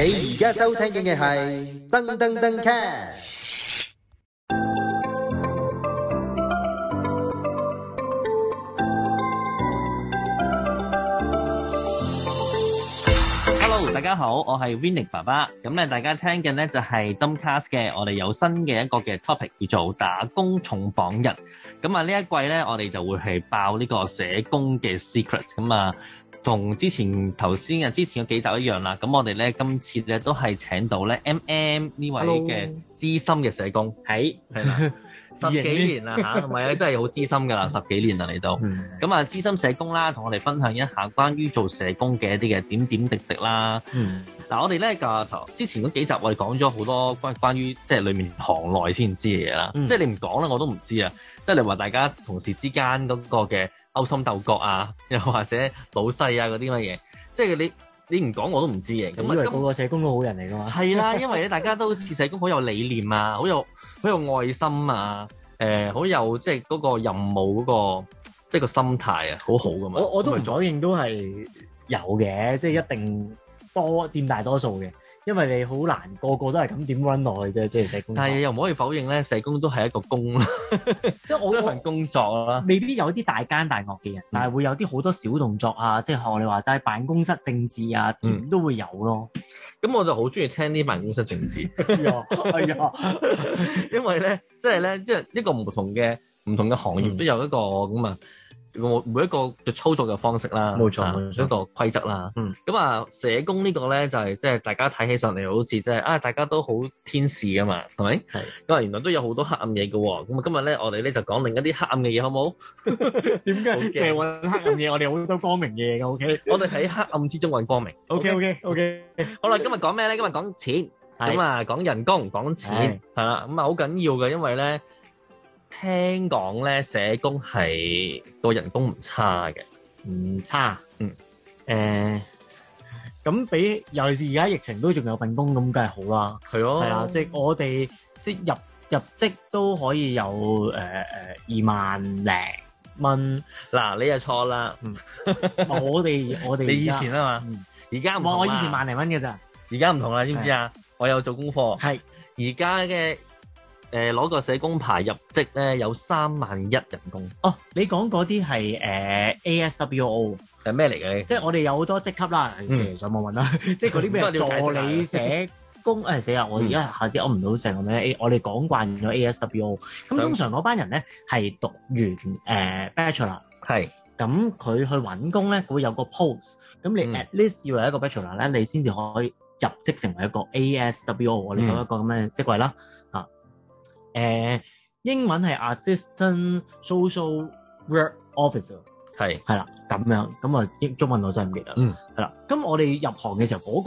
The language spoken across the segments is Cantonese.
你而家收聽嘅係噔噔噔 cast。Hello，大家好，我係 Vinny 爸爸。咁咧，大家聽緊嘅咧就係 Dumcast 嘅。我哋有新嘅一個嘅 topic 叫做打工重榜日。咁啊，呢一季咧，我哋就會係爆呢個社工嘅 secret 噶嘛。同之前頭先嘅之前嗰幾集一樣啦，咁我哋咧今次咧都係請到咧 M M 呢位嘅資深嘅社工喺係啦，Hello. 十幾年啦吓，同埋咧都係好資深㗎啦， 十幾年啦嚟到，咁啊、嗯、資深社工啦，同我哋分享一下關於做社工嘅一啲嘅點點滴滴啦。嗱、嗯啊，我哋咧個頭之前嗰幾集我哋講咗好多關關於即係裏面行內先知嘅嘢啦，嗯、即係你唔講咧我都唔知啊，即係你話大家同事之間嗰個嘅。勾心鬥角啊，又或者老細啊嗰啲乜嘢，即係你你唔講我都唔知嘅。以為個個社工都好人嚟噶嘛？係啦、 啊，因為咧大家都似社工好有理念啊，好有好有愛心啊，誒、呃，好有即係嗰個任務嗰、嗰個即係個心態啊，好好噶嘛。我我都唔否認都係有嘅，即係一定多佔大多數嘅。因為你好難個個都係咁點搵耐啫，即係社工，工。但係又唔可以否認咧，社工都係一個工啦，即係 我一份我工作啊，未必有啲大奸大惡嘅人，嗯、但係會有啲好多小動作啊，即係學你哋話齋辦公室政治啊，都會有咯。咁、嗯、我就好中意聽啲辦公室政治。係啊、 哎，哎、 因為咧，即係咧，即、就、係、是、一個唔同嘅唔同嘅行業都有一個咁啊。嗯每一個嘅操作嘅方式啦，冇錯，每一個規則啦，嗯，咁啊，社工呢個咧就係即係大家睇起上嚟好似即係啊，大家都好天使噶嘛，係咪？係，咁啊原來都有好多黑暗嘢噶喎，咁啊今日咧我哋咧就講另一啲黑暗嘅嘢，好冇？點解？嚟搵黑暗嘢？我哋好多光明嘅嘢，O K。我哋喺黑暗之中搵光明。O K O K O K。好啦，今日講咩咧？今日講錢，咁啊講人工，講錢，係啦，咁啊好緊要嘅，因為咧。聽講咧，社工係個人工唔差嘅。唔差，嗯，誒、uh,，咁比尤其是而家疫情都仲有份工，咁梗係好啦、啊，係咯、哦，係啊，即係我哋即係入入職都可以有誒誒、呃、二萬零蚊。嗱、啊，你又錯啦，我哋我哋你以前啊嘛，而家、嗯、我以前萬零蚊嘅咋，而家唔同啦，知唔知啊？是我有做功課，係而家嘅。誒攞、呃、個社工牌入職咧，有三萬一人工。哦，你講嗰啲係誒 ASWO 係咩嚟嘅？呃、o，即係我哋有好多職級啦，其實、嗯、上網問啦，嗯、即係嗰啲咩助理，助理社工？誒、哎、死啊！我而家一下子諗唔到成個咩？我哋講慣咗 ASWO，咁通常嗰班人咧係讀完誒、呃、Bachelor，係咁佢去揾工咧會有個 post，咁你 at least 要有一個 Bachelor 咧，你先至可以入職成為一個 ASWO，嗯、我哋講一個咁嘅職位啦，誒，英文係 assistant social work officer，係係啦是，咁樣咁啊，中中文我真係唔記得，係啦、嗯。咁我哋入行嘅時候嗰、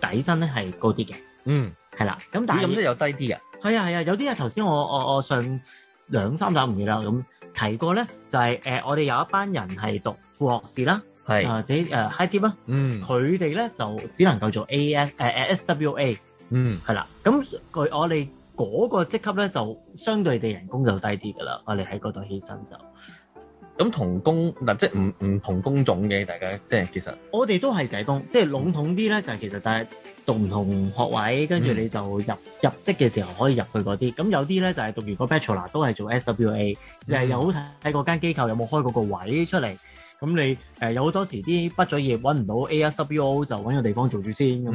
那個底薪咧係高啲嘅，嗯，係啦。咁但係咁咧又低啲嘅，係啊係啊，有啲啊頭先我我我上兩三集唔記得咁提過咧，就係、是、誒、呃，我哋有一班人係讀副學士啦，係或者誒 high dip 啦，嗯，佢哋咧就只能夠做 as 誒、呃、ASWA，嗯，係啦。咁據我哋。嗰個職級咧就相對地人工就低啲㗎啦，我哋喺嗰度起身就咁同工嗱，即係唔唔同工種嘅，大家即係其實我哋都係社工，即係籠統啲咧、嗯、就係其實就係讀唔同學位，跟住你就入、嗯、入職嘅時候可以入去嗰啲，咁有啲咧就係、是、讀完個 bachelor 都係做 SWA、嗯、就係又好睇嗰間機構有冇開嗰個位出嚟。咁你誒、呃、有好多時啲畢咗業搵唔到 ASWO 就搵個地方做住先，咁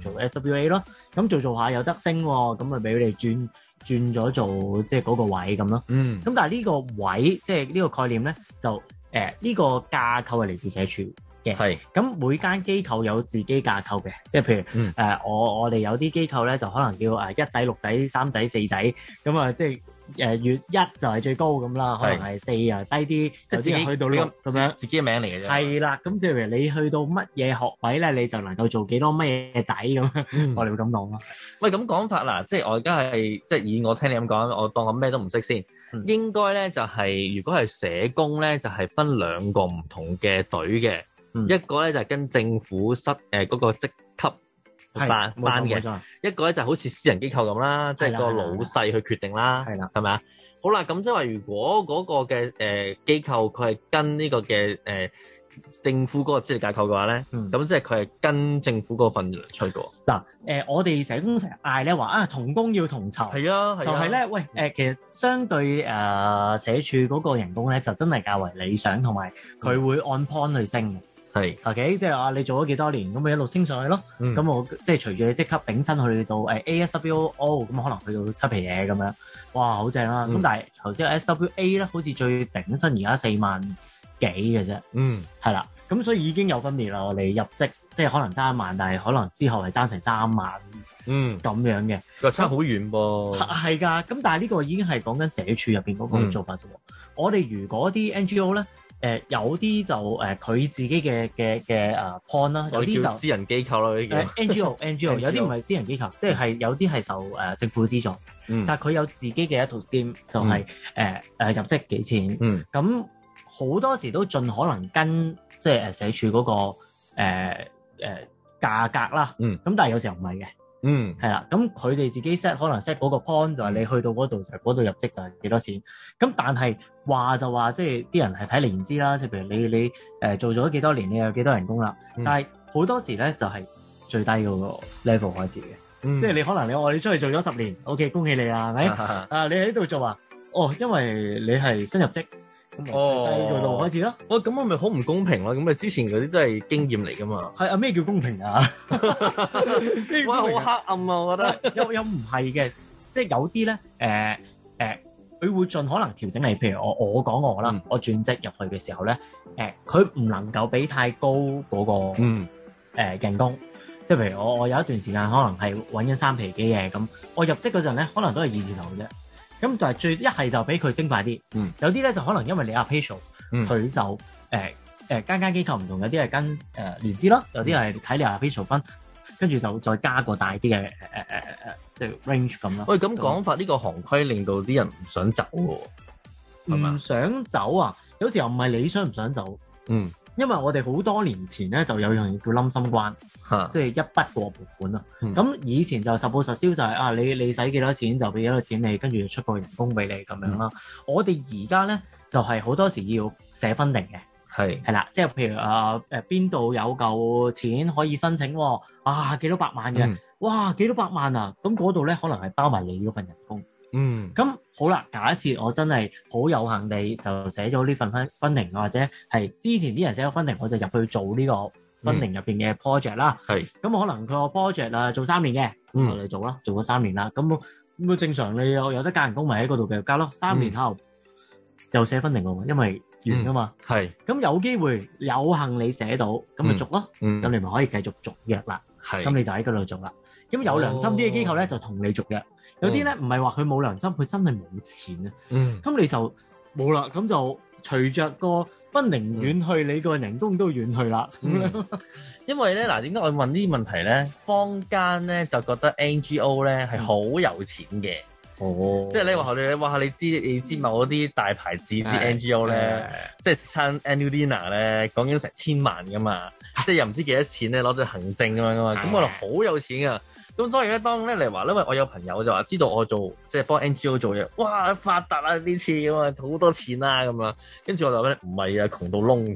就做 SWA 咯。咁、嗯、做做下有得升喎，咁咪俾佢哋轉轉咗做即係嗰個位咁咯。嗯。咁但係呢個位即係呢個概念咧，就誒呢、呃呢個架構係嚟自社署嘅。係是。咁每間機構有自己架構嘅，即係譬如誒、嗯呃、我我哋有啲機構咧，就可能叫誒一仔六仔三仔四仔咁啊，即係、就是。誒月一就係最高咁啦，可能係四又低啲，即係自己去到咁樣，自己嘅名嚟嘅啫。係啦，咁即係譬如你去到乜嘢學位咧，你就能夠做幾多乜嘢仔咁，我哋會咁講咯。喂，咁講法嗱，即係我而家係即係以我聽你咁講，我當我咩都唔識先。應該咧就係如果係社工咧，就係分兩個唔同嘅隊嘅，一個咧就係跟政府室誒嗰個職。係，班嘅，的錯一個咧就是好似私人機構咁啦，即係的個老細去決定啦，係啦，係咪啊？好啦，咁即係話，如果嗰個嘅誒機構佢係跟呢個嘅誒政府嗰個資歷架構嘅話咧，咁即係佢係跟政府嗰份嚟出嘅。嗱、嗯，誒、呃、我哋社工成日嗌咧話啊，同工要同酬，係啊，就係咧，喂，誒、呃、其實相對誒社署嗰個人工咧，就真係較為理想，同埋佢會按 point 去升、嗯係是，OK，即係啊！你做咗幾多年，咁咪一路升上去咯。咁、嗯、我即係隨住你即刻頂薪去到誒 A S W O，咁可能去到七皮嘢咁樣。哇，好正啦！咁但係頭先 S W A 咧，好似最頂薪而家四萬幾嘅啫。嗯，係啦。咁、嗯、所以已經有分別啦。我哋入職即係可能爭一萬，但係可能之後係爭成三萬。嗯，咁樣嘅。個差好遠噃。係噶。咁但係呢個已經係講緊社署入邊嗰個做法啫。嗯、我哋如果啲 N G O 咧。誒、呃、有啲就誒佢、呃、自己嘅嘅嘅誒 pond 啦，有啲就私人機構咯，啲、呃、NGO NGO 有啲唔係私人機構，即係 有啲係受、呃、政府資助。嗯。但佢有自己嘅一套 deal 就係、是、誒、嗯呃、入職幾錢。嗯。咁好多時都盡可能跟即係誒社署嗰個誒價、呃呃、價格啦。嗯。咁但係有時候唔係嘅。嗯，係啦，咁佢哋自己 set 可能 set 嗰個 point 就係你去到嗰度，嗯、就嗰度入職就係幾多錢，咁但係話就話即係啲人係睇年資啦，即係譬如你你誒做咗幾多年，你有幾多人工啦，嗯、但係好多時咧就係最低個 level 開始嘅，嗯、即係你可能你我哋出去做咗十年，ok 恭喜你啦係咪？啊 你喺度做呀？哦，因為你係新入職。哦，度開始啦、哦。哇，咁我咪好唔公平咯？咁啊，之前嗰啲都係經驗嚟㗎嘛。係啊，咩叫公平啊？哇、 啊，好黑暗啊！我覺得又又唔係嘅，即係有啲咧，誒、呃、佢、呃、會盡可能調整，係譬如我我講我啦，我轉職入去嘅時候咧，誒、呃，佢唔能夠俾太高嗰、那個誒人工。即係譬如我我有一段時間可能係揾緊三皮機嘅咁，我入職嗰陣咧，可能都係二字頭嘅啫。咁就係最一係就俾佢升快啲，嗯、有啲咧就可能因為你 appraisal，佢就誒誒、呃呃、間間機構唔同，有啲係跟誒聯、呃、資咯，有啲係睇你 appraisal 分，跟住就再加個大啲嘅誒誒誒即係 range 咁啦喂，咁講法呢對個行規令到啲人唔想走喎，唔想走啊？走啊有時候唔係你想唔想走，嗯。因為我哋好多年前咧，就有樣嘢叫冧心關，哈即係一筆過撥款咁、嗯、以前就實報實銷就係、是、啊，你你使幾多錢就俾幾多錢你，跟住出個人工俾你咁樣啦。嗯、我哋而家咧就係、是、好多時要寫分定嘅，係係啦，即係譬如啊誒邊度有嚿錢可以申請喎，啊幾多百萬嘅、嗯、哇幾多百萬啊，咁嗰度咧可能係包埋你嗰份人工。嗯，咁好啦。假設我真係好有幸地就寫咗呢份 funding，或者係之前啲人寫咗 funding，我就入去做呢個 funding 入面嘅 project 啦。咁、嗯、可能佢個 project 啊做三年嘅，咁我哋做啦，做咗三年啦。咁咁正常，你有有得加人工咪喺嗰度繼續加咯。三年後又寫 funding 嘅，因為完噶嘛。咁、嗯、有機會有幸你寫到，咁咪續咯、嗯。嗯。咁你咪可以繼續續約啦。係是。咁你就喺嗰度續啦。咁有良心啲嘅機構咧，就同你續約。有啲咧唔係話佢冇良心，佢真係冇錢啊。咁你就冇啦。咁就隨着個分寧遠去，你個人工都遠去啦。因為咧嗱，點解我問呢啲問題咧？坊間咧就覺得 NGO 咧係好有錢嘅。哦，即係你話你你哇！你知你知某啲大牌子啲 NGO 咧，即係食餐 annual dinner 呢，咧，講緊成千萬噶嘛，即係又唔知幾多錢咧，攞咗行政咁樣噶嘛，咁我哋好有錢啊！咁當然咧，當咧嚟話，因為我有朋友就話知道我做即係、就是、幫 NGO 做嘢，哇發達啦呢次啊，好多錢啦咁啊，跟住我就咧唔係啊，窮到窿，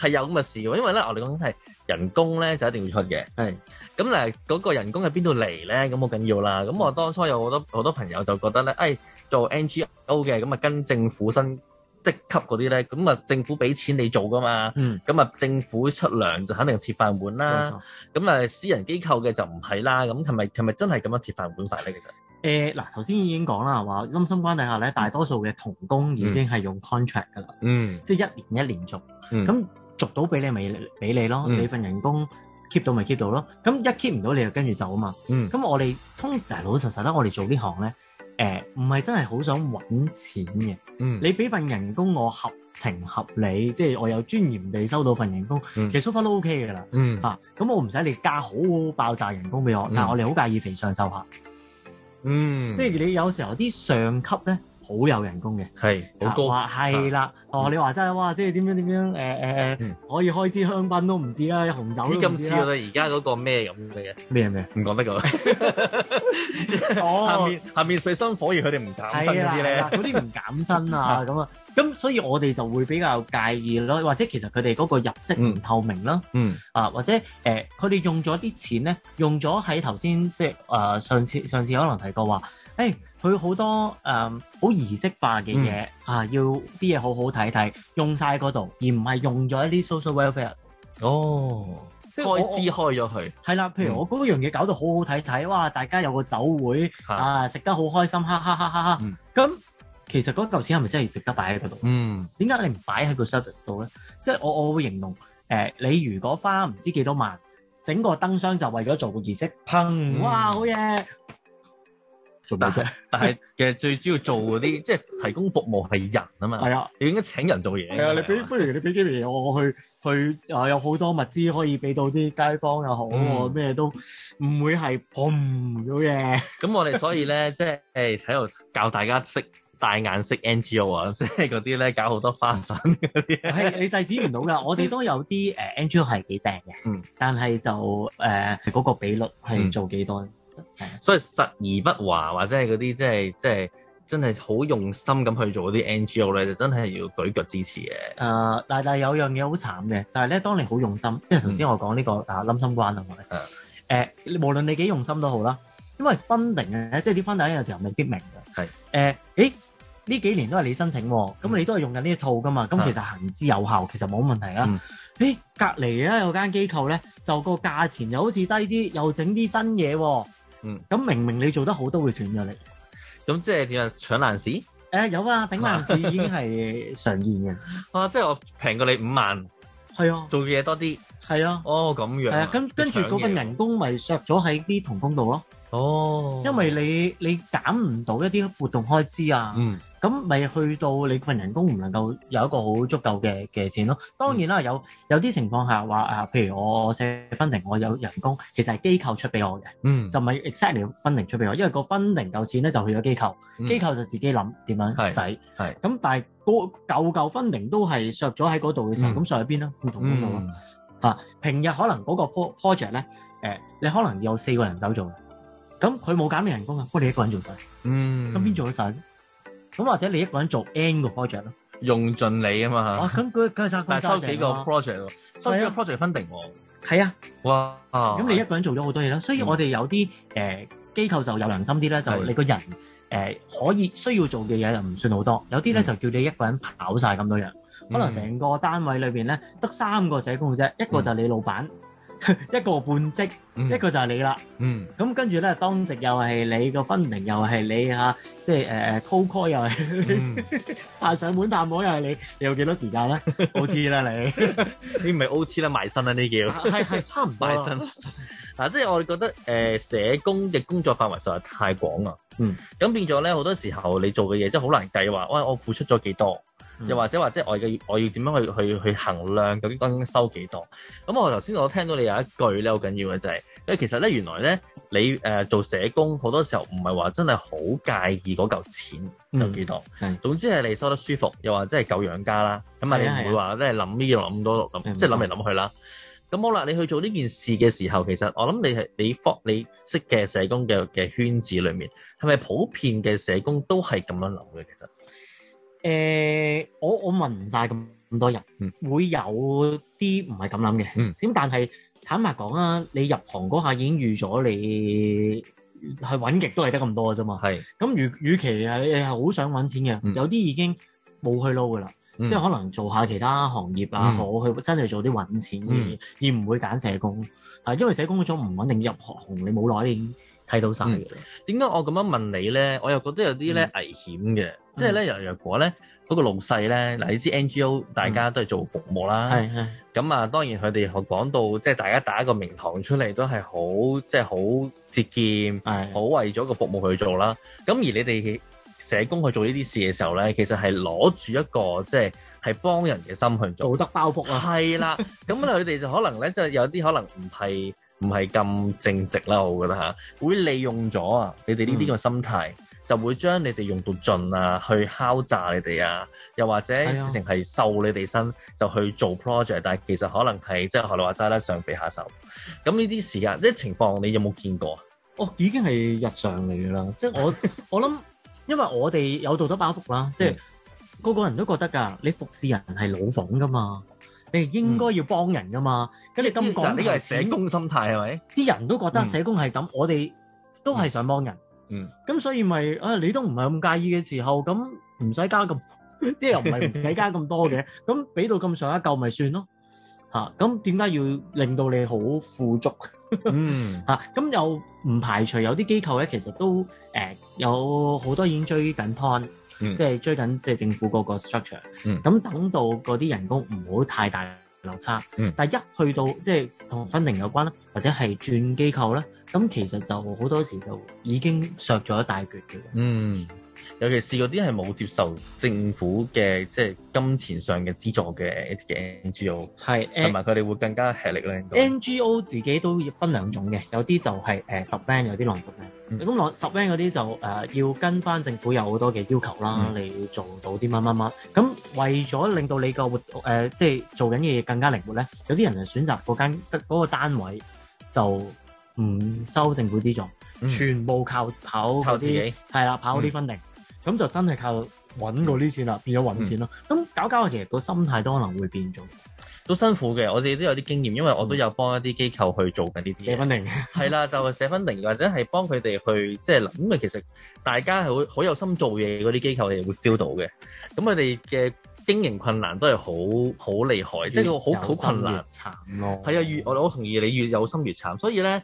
係 有咁嘅事喎。因為咧我哋講緊係人工咧就一定要出嘅，係咁嗱嗰個人工喺邊度嚟咧？咁好緊要啦。咁我當初有好多好多朋友就覺得咧，誒、哎、做 NGO 嘅咁啊跟政府薪職級嗰啲咧，咁啊政府俾錢你做噶嘛，咁啊、嗯、政府出糧就肯定鐵飯碗啦。咁啊冇錯、嗯、私人機構嘅就唔係啦。咁係咪係咪真係咁樣鐵飯碗法咧？其實誒嗱，頭先已經講啦，話關心關底下咧，嗯、大多數嘅同工已經係用 contract 噶啦，嗯、即係一年一年續。咁、嗯、續到俾你咪俾你咯，嗯、你份人工 keep 到咪 keep 到咯。咁一 keep 唔到你就跟住走啊嘛。咁、嗯、我哋通其實老實實啦，我哋做呢行咧。誒唔係真係好想揾錢嘅，嗯、你俾份人工我合情合理，即係我有尊嚴地收到份人工，嗯、其實 so far 都 OK 嘅啦。嚇、嗯，咁、啊、我唔使你加好，好爆炸人工俾我，嗯、但我哋好介意肥上瘦下，嗯，即係你有時候啲上級咧。好有人工嘅，係好高，係啦，哦，你話真係哇，即係點樣點樣誒誒，可以開支香檳都唔知啦，紅酒呢今次似覺而家嗰個咩咁嘅嘢？咩咩唔講得個哦，下面下面水深火熱，佢哋唔減薪，啲咧嗰啲唔減薪啊咁啊，咁所以我哋就會比較介意咯，或者其實佢哋嗰個入息唔透明咯，嗯啊，或者誒，佢哋用咗啲錢咧，用咗喺頭先，即係誒上次上次可能提過話，誒，佢好、hey, 多誒，好、um, 儀式化嘅嘢、嗯、啊，要啲嘢好好睇睇，用晒嗰度，而唔係用咗一啲 social welfare。哦，即係我開支開咗佢。係啦，譬如我嗰樣嘢搞到好好睇睇，嗯、哇！大家有個酒會啊，食得好開心，哈哈哈哈！哈、嗯。咁其實嗰嚿錢係咪真係值得擺喺嗰度？嗯，點解你唔擺喺個 service 度咧？即係我我會形容誒、呃，你如果花唔知幾多萬，整個燈箱就為咗做個儀式，砰！哇，嗯、哇好嘢！但係其實最主要做嗰啲，即係 提供服務係人啊嘛。係啊，你應該請人做嘢。係啊，啊，你俾不如你俾幾條嘢我，我去去啊，有好多物資可以俾到啲街坊又好，咩、嗯、都唔會係砰咗嘢。咁我哋所以咧，即係誒喺度教大家識大眼識 N G O 啊，即係嗰啲咧搞好多花神嗰啲。係你制止唔到㗎， 我哋都有啲誒、呃、N G O 係幾正嘅。嗯但係，但係就誒嗰個比率係做幾多？嗯啊、所以實而不華或者係嗰啲即係即係真係好用心咁去做嗰啲 NGO 咧，就真係要舉腳支持嘅。誒，但係有樣嘢好慘嘅，就係咧，當你好用心，即係頭先我講呢、這個打冧、嗯啊、心關啊，我哋。誒，無論你幾用心都好啦，因為分定嘅，即係啲分定嘅時候未必明嘅。係、啊。誒、呃，誒，呢幾年都係你申請的，咁、嗯、你都係用緊呢一套噶嘛？咁其實行之有效，啊、其實冇問題啦、啊。誒、啊，隔籬咧有間機構咧，就個價錢又好似低啲，又整啲新嘢、啊。嗯，咁明明你做得好都會斷咗你，咁即係點啊搶爛市？誒有啊，頂爛市已經係常見嘅。啊，即係我平過你五萬，係啊，做嘅嘢多啲，係啊。哦咁樣，係啊，跟跟住嗰份人工咪削咗喺啲同工度咯。哦，因為你你減唔到一啲活動開支啊。嗯。咁咪去到你份人工唔能夠有一個好足夠嘅嘅錢咯。當然啦，有有啲情況下話啊，譬如我寫 Funding，我有人工，其實係機構出俾我嘅，嗯，就唔係 exactly Funding 出俾我，因為個 Funding 嚿錢咧就去咗機構，機構就自己諗點樣使，係、嗯。咁但係舊舊 Funding 都係入咗喺嗰度嘅時候，咁上喺邊呢？唔同工度咯。平日可能嗰個 project 咧、呃，你可能有四個人手做，咁佢冇減你人工啊，不過你一個人做曬，嗯，咁邊做曬。咁或者你一個人做 N 個 project 咯、啊，用盡你啊嘛嚇！咁佢收幾個 project、啊、收幾個 project 分定喎。係啊，哇！咁你一個人做咗好多嘢啦、啊。所以我哋有啲誒、嗯呃、機構就有良心啲咧，就你個人、呃、可以需要做嘅嘢就唔算好多。有啲咧、嗯、就叫你一個人跑晒咁多樣，可能成個單位裏面咧得三個社工嘅啫，一個就係你老闆。嗯 一個半職，嗯、一個就係你啦。嗯，咁跟住咧，當值又係你個分明，又係你嚇，即係誒 call call 又係，你、嗯。係 上門探訪又係你。你有幾多時間咧？O T 啦， 你呢 你唔係 O T 啦，賣身啦呢叫！係係 差唔多賣身。即係 我哋覺得誒社工嘅工作範圍實在太廣啦。 嗯，咁變咗咧，好多時候你做嘅嘢真係好難計話，喂、哎，我付出咗幾多？又或者或者我嘅我要點樣去去去衡量，究竟收幾多？咁我頭先我聽到你有一句咧好緊要嘅就係、是，因為其實咧原來咧你誒、呃、做社工好多時候唔係話真係好介意嗰嚿錢有幾多，總之係你收得舒服，又或者係夠養家啦，咁啊你唔會話真係諗呢樣諗多，諗即係諗嚟諗去啦。咁好啦，你去做呢件事嘅時候，其實我諗你係你方你，你識嘅社工嘅嘅圈子裏面，係咪普遍嘅社工都係咁樣諗嘅其實？誒、欸，我我問唔晒咁咁多人，嗯、會有啲唔係咁諗嘅。咁、嗯、但係坦白講啊，你入行嗰下已經預咗你去搵極都係得咁多咋啫嘛。係咁與與其你係好想搵錢嘅，嗯、有啲已經冇去撈噶啦，嗯、即係可能做下其他行業啊，我、嗯、去真係做啲搵錢嘅嘢，嗯、而唔會揀社工啊，因為社工嗰種唔穩定，入行你冇耐已經睇到晒嘅。點解、嗯、我咁樣問你咧？我又覺得有啲咧危險嘅。即係咧，若若果咧，嗰個老細咧，嗱你知 NGO 大家都係做服務啦，係係。咁啊，當然佢哋講到即係大家打一個名堂出嚟，都係好即係好節儉，係好為咗個服務去做啦。咁而你哋社工去做呢啲事嘅時候咧，其實係攞住一個即係係幫人嘅心去做，道德包袱啊，係啦。咁啊，佢哋就可能咧，即係有啲可能唔係唔係咁正直啦，我覺得吓，會利用咗啊，你哋呢啲咁嘅心態。就會將你哋用到盡啊，去敲詐你哋啊，又或者直情係受你哋身就去做 project，但係其實可能係即係學你話齋啦，上肥下手咁呢啲時間，即情況，你有冇見過啊、哦？ 我已經係日常嚟㗎啦，即係我我諗，因為我哋有道德包袱啦， 即係個、嗯、個人都覺得㗎，你服侍人係老闆㗎嘛，你應該要幫人㗎嘛。咁、嗯、你今個你又係社工心態係咪？啲人都覺得社工係咁，嗯、我哋都係想幫人。嗯，咁所以咪啊，你都唔係咁介意嘅時候，咁唔使加咁，即係又唔係唔使加咁多嘅，咁俾 到咁上下嚿咪算咯，咁點解要令到你好富足？嗯，咁又唔排除有啲機構咧，其實都誒有好多已經追緊 point，即係追緊即係政府嗰個 structure，咁、嗯、等到嗰啲人工唔好太大落差，嗯、但係一去到即係同分明有關啦，或者係轉機構咧。咁其實就好多時就已經削咗一大橛嘅。嗯，尤其是嗰啲係冇接受政府嘅即係金錢上嘅資助嘅嘅 NGO，係同埋佢哋會更加吃力咧。NGO 自己都要分兩種嘅、嗯就是呃，有啲、嗯、就係誒十 band 有啲浪十嘅。咁浪十 band 嗰啲就誒要跟翻政府有好多嘅要求啦，嗯、你要做到啲乜乜乜。咁為咗令到你個活動即係、呃就是、做緊嘅嘢更加靈活咧，有啲人就選擇嗰間得嗰個單位就。唔收政府資助，嗯、全部靠跑嗰啲，係啦，跑啲分定，咁、嗯、就真係靠搵嗰啲錢啦，嗯、變咗搵錢咯。咁、嗯、搞搞，其實個心態都可能會變咗，都辛苦嘅。我哋都有啲經驗，因為我都有幫一啲機構去做緊呢啲嘢，寫分定係啦，就係、是、寫分定或者係幫佢哋去即係諗。因為其實大家係好好有心做嘢嗰啲機構，你會 feel 到嘅。咁佢哋嘅經營困難都係好好厲害，即係好好困難慘咯。係啊，越我我同意你越有心越慘，所以咧。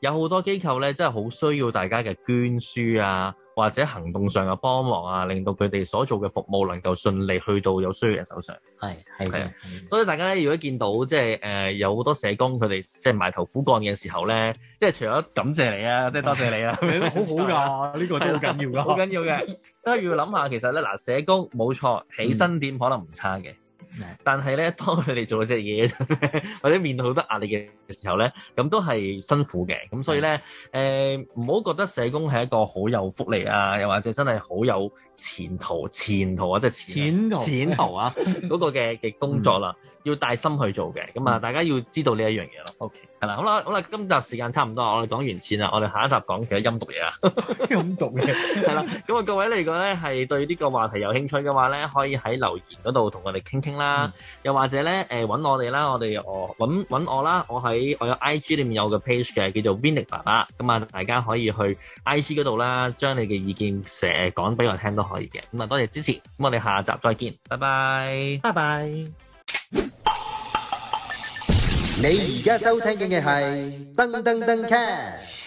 有好多機構咧，真係好需要大家嘅捐輸啊，或者行動上嘅幫忙啊，令到佢哋所做嘅服務能夠順利去到有需要嘅人手上。係係啊，所以大家咧，如果見到即係誒、呃、有好多社工佢哋即係埋頭苦幹嘅時候咧，即係除咗感謝你啊，即係多謝你啊， 好好㗎的，呢 個都好緊要㗎，好緊要嘅，都要諗下其實咧嗱，社工冇錯，起薪點可能唔差嘅。嗯。但係咧，當佢哋做咗隻嘢，或者面對好多壓力嘅時候咧，咁都係辛苦嘅。咁所以咧，誒唔好覺得社工係一個好有福利啊，又或者真係好有前途，前途啊，即係前途前途啊，嗰 個嘅嘅工作啦，嗯、要帶心去做嘅。咁啊，大家要知道呢一樣嘢咯。嗯、OK。係啦，好啦，好啦，今集時間差唔多，我哋講完錢啦，我哋下一集講其他音讀嘢啦。音讀樂嘅，係啦，咁啊各位嚟講咧，係對呢個話題有興趣嘅話咧，可以喺留言嗰度同我哋傾傾啦，嗯、又或者咧，誒揾我哋啦，我哋搵揾我啦，我喺我有 I G 裏面有個 page 嘅，叫做 Vinnic 爸爸，咁啊大家可以去 I G 嗰度啦，將你嘅意見寫講俾我聽都可以嘅。咁啊多謝支持，咁我哋下集再見，拜拜，拜拜。你而家收聽嘅係噔噔噔 cast。